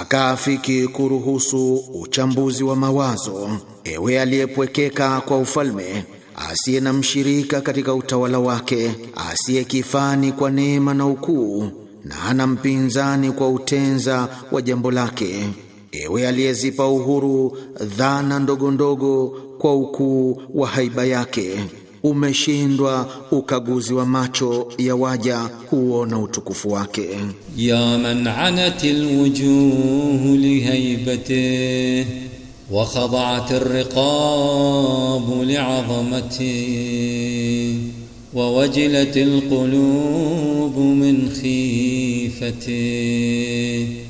akaafiki kuruhusu uchambuzi wa mawazo, ewe aliyepwekeka kwa ufalme, asiye na mshirika katika utawala wake, asiye kifani kwa neema na ukuu, na ana mpinzani kwa utenza wa jambo lake, ewe aliyezipa uhuru dhana ndogo ndogo kwa ukuu wa haiba yake, umeshindwa ukaguzi wa macho ya waja kuona utukufu wake. ya man anat alwujuh lihaibatihi wa khada'at alriqab li'azamatihi wa wajilat alqulub min khifatihi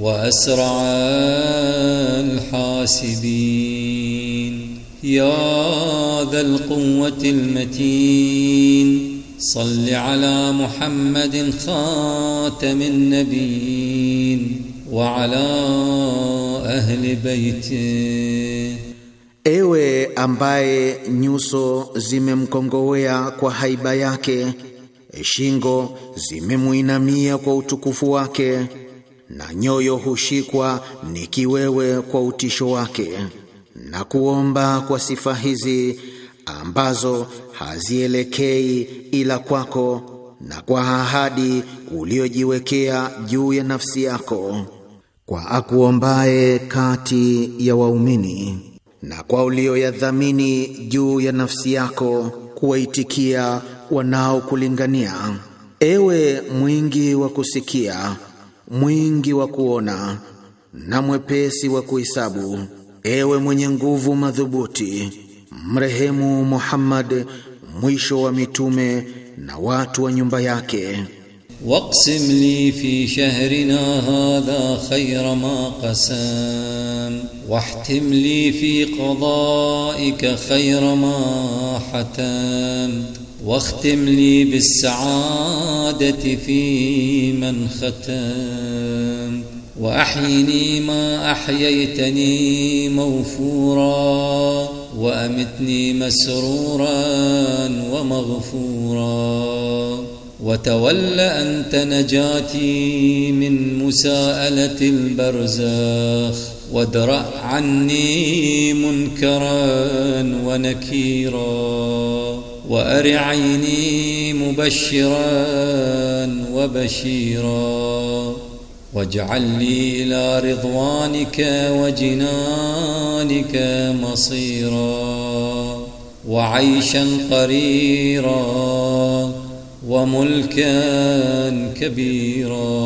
وأسرع الحاسبين يا ذا القوة المتين صل على محمد خاتم النبيين وعلى أهل بيته Ewe ambaye nyuso zimemkongowea kwa haiba yake, shingo zimemuinamia kwa utukufu wake na nyoyo hushikwa ni kiwewe kwa utisho wake, na kuomba kwa sifa hizi ambazo hazielekei ila kwako na kwa ahadi uliojiwekea juu ya nafsi yako kwa akuombaye kati ya waumini na kwa ulioyadhamini juu ya nafsi yako kuwaitikia wanaokulingania, ewe mwingi wa kusikia mwingi wa kuona na mwepesi wa kuhesabu, ewe mwenye nguvu madhubuti, mrehemu Muhammad mwisho wa mitume na watu wa nyumba yake. waqsim li fi shahrina hadha khayra ma qasam wahtim li fi qada'ika khayra ma hatam واختم لي بالسعادة في من ختم وأحيني ما أحييتني موفورا وأمتني مسرورا ومغفورا وتول أنت نجاتي من مساءلة البرزخ وادرأ عني منكرا ونكيرا وأر عيني مبشرا وبشيرا واجعل لي إلى رضوانك وجنانك مصيرا وعيشا قريرا وملكا كبيرا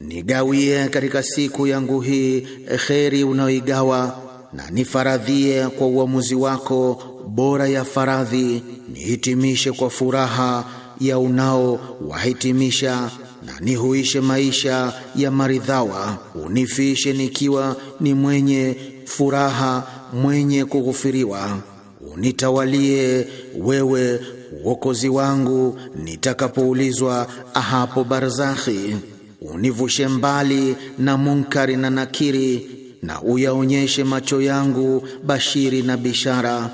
nigawie katika siku yangu hii kheri unayoigawa na nifaradhie kwa uamuzi wako bora ya faradhi nihitimishe kwa furaha ya unao wahitimisha na nihuishe maisha ya maridhawa, unifishe nikiwa ni mwenye furaha, mwenye kughufiriwa, unitawalie wewe uokozi wangu nitakapoulizwa hapo barzakhi, univushe mbali na munkari na nakiri, na uyaonyeshe macho yangu bashiri na bishara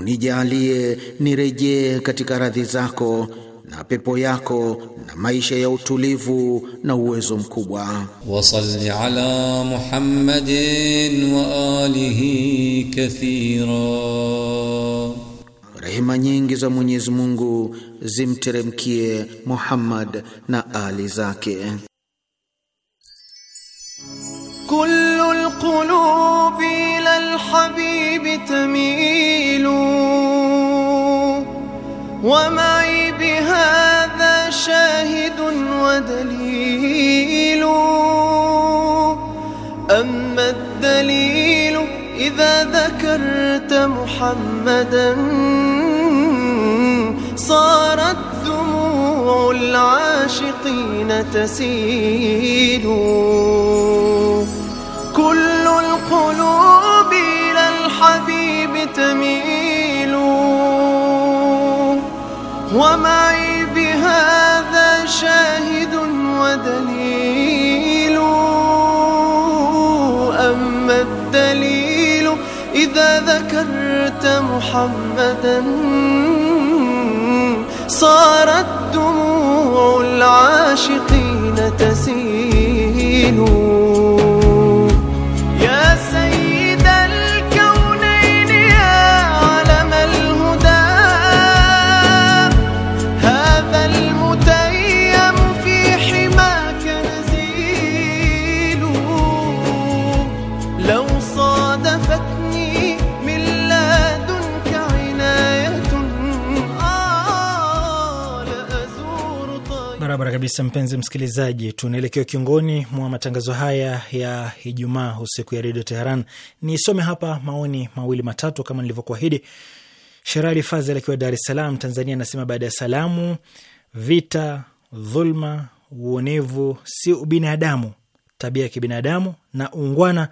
unijalie nirejee katika radhi zako na pepo yako na maisha ya utulivu na uwezo mkubwa. salli ala Muhammadin wa alihi kathira, rehema nyingi za Mwenyezi Mungu zimteremkie Muhammad na ali zake. كل القلوب إلى الحبيب تميل ومعي بهذا شاهد ودليل أما الدليل إذا ذكرت محمدا صارت دموع العاشقين تسيل كل القلوب إلى الحبيب تميل ومعي بهذا شاهد ودليل أما الدليل إذا ذكرت محمدا صارت دموع العاشقين تسيل kabisa mpenzi msikilizaji, tunaelekea kiongoni mwa matangazo haya ya Ijumaa usiku ya redio Teheran. Nisome hapa maoni mawili matatu kama nilivyokuahidi. Sherali Fazel akiwa Dar es Salaam, Tanzania, anasema baada ya salamu, vita, dhulma, uonevu si ubinadamu, tabia ya kibinadamu na ungwana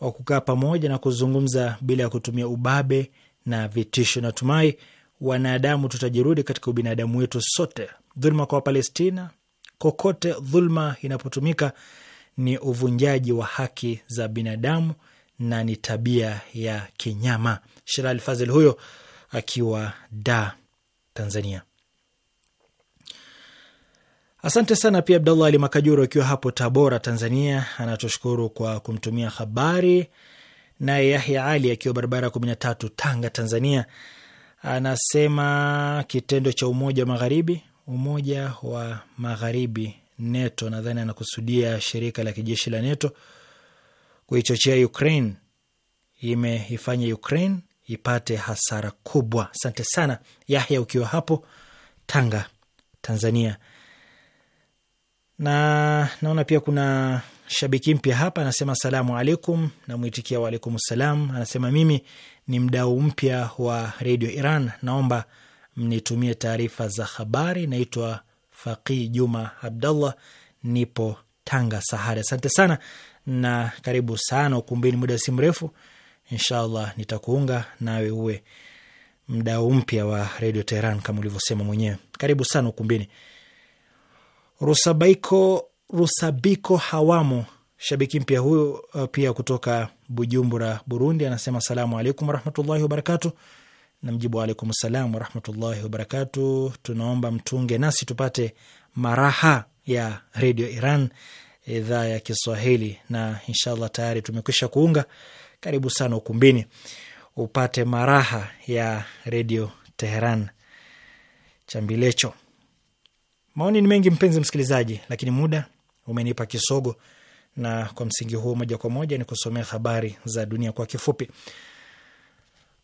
wa kukaa pamoja na kuzungumza bila ya kutumia ubabe na vitisho. Natumai wanadamu tutajirudi katika ubinadamu wetu sote. Dhuluma kwa Wapalestina, Kokote dhulma inapotumika ni uvunjaji wa haki za binadamu na ni tabia ya kinyama. Shirali Fazil huyo akiwa Da, Tanzania. Asante sana pia Abdallah Ali Makajuru akiwa hapo Tabora, Tanzania, anatushukuru kwa kumtumia habari. Naye Yahya Ali akiwa barabara kumi na tatu, Tanga, Tanzania, anasema kitendo cha umoja wa magharibi Umoja wa Magharibi, NATO, nadhani anakusudia shirika la kijeshi la NATO, kuichochea Ukraine imeifanya Ukraine ipate hasara kubwa. Asante sana Yahya, ukiwa hapo Tanga, Tanzania. Na naona pia kuna shabiki mpya hapa, anasema asalamu alaikum, namwitikia waalaikum salam. Anasema mimi ni mdau mpya wa redio Iran, naomba mnitumie taarifa za habari. Naitwa Faqih Juma Abdallah, nipo Tanga Sahara. Asante sana na karibu sana ukumbini. Muda si mrefu, inshallah nitakuunga nawe uwe mdau mpya wa redio Teheran kama ulivyosema mwenyewe. Karibu sana ukumbini. Rusabaiko, Rusabiko Hawamo, shabiki mpya huyu uh, pia kutoka Bujumbura, Burundi, anasema salamu alaikum warahmatullahi wabarakatu namjibu alaikum salam warahmatullahi wabarakatu. Tunaomba mtunge nasi tupate maraha ya Redio Iran idhaa ya Kiswahili, na inshallah tayari tumekwisha kuunga. Karibu sana ukumbini upate maraha ya Redio Teheran chambilecho. Maoni ni mengi mpenzi msikilizaji, lakini muda umenipa kisogo, na kwa msingi huo moja kwa moja ni kusomea habari za dunia kwa kifupi.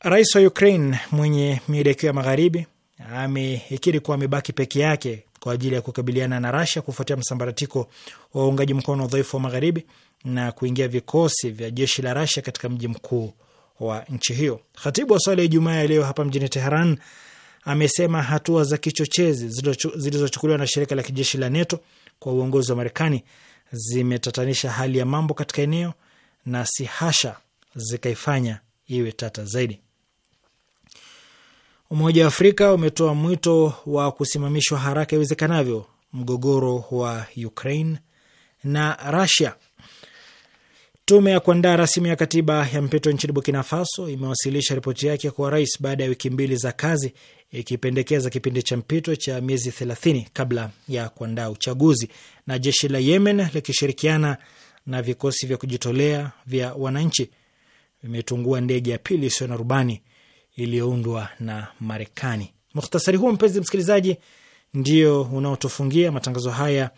Rais wa Ukraine mwenye miadi akiwa ya magharibi ameikiri kuwa amebaki peke yake kwa ajili ya kukabiliana na Rasia kufuatia msambaratiko wa uungaji mkono wa udhaifu wa magharibi na kuingia vikosi vya jeshi la Rasia katika mji mkuu wa nchi hiyo. Khatibu wa swala ya Ijumaa ya leo hapa mjini Teheran amesema hatua za kichochezi zilizochukuliwa na shirika la kijeshi la NATO kwa uongozi wa Marekani zimetatanisha hali ya mambo katika eneo na si hasha zikaifanya iwe tata zaidi. Umoja wa Afrika umetoa mwito wa kusimamishwa haraka iwezekanavyo mgogoro wa Ukraine na Russia. Tume ya kuandaa rasimu ya katiba ya mpito nchini Burkina Faso imewasilisha ripoti yake kwa rais baada ya wiki mbili za kazi, ikipendekeza kipindi cha mpito cha miezi thelathini kabla ya kuandaa uchaguzi. Na jeshi la Yemen likishirikiana na vikosi vya kujitolea vya wananchi vimetungua ndege ya pili isiyo na rubani iliyoundwa na Marekani. Mukhtasari huo mpenzi msikilizaji, ndio unaotufungia matangazo haya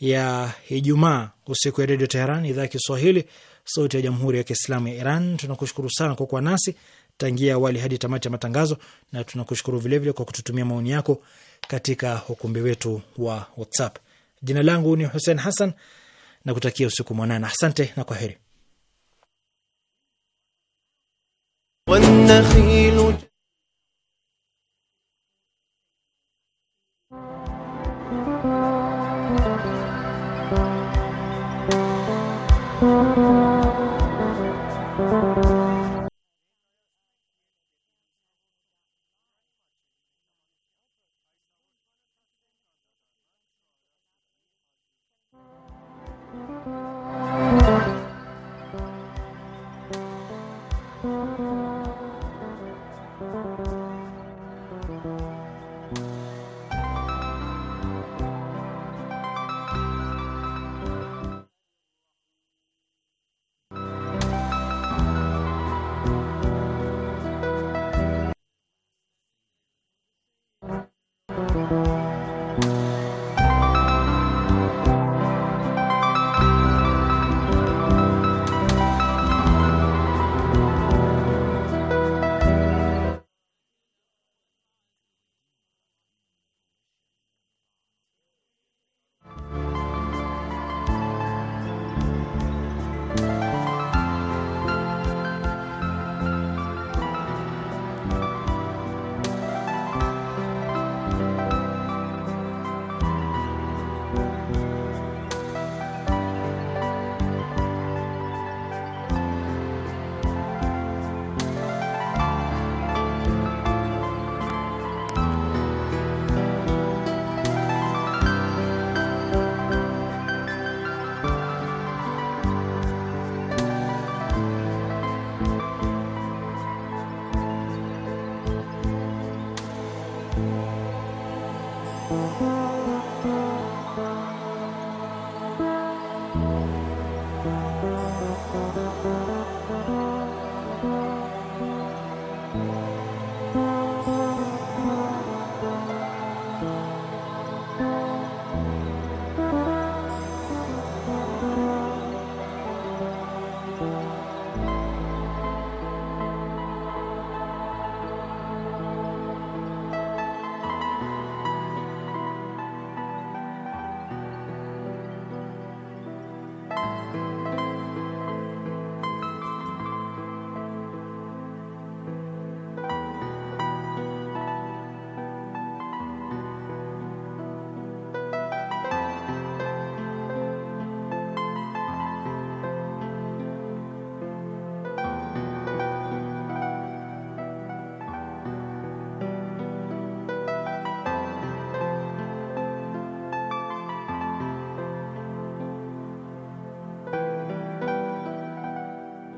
ya Ijumaa usiku ya Redio Teheran, idhaa ya Kiswahili, sauti ya Jamhuri ya Kiislamu ya Iran. Tunakushukuru sana kwa kuwa nasi tangia awali hadi tamati ya matangazo, na tunakushukuru vilevile kwa kututumia maoni yako katika ukumbi wetu wa WhatsApp. Jina langu ni Hussein Hassan na kutakia usiku mwanana. Asante na kwaheri. والنخيل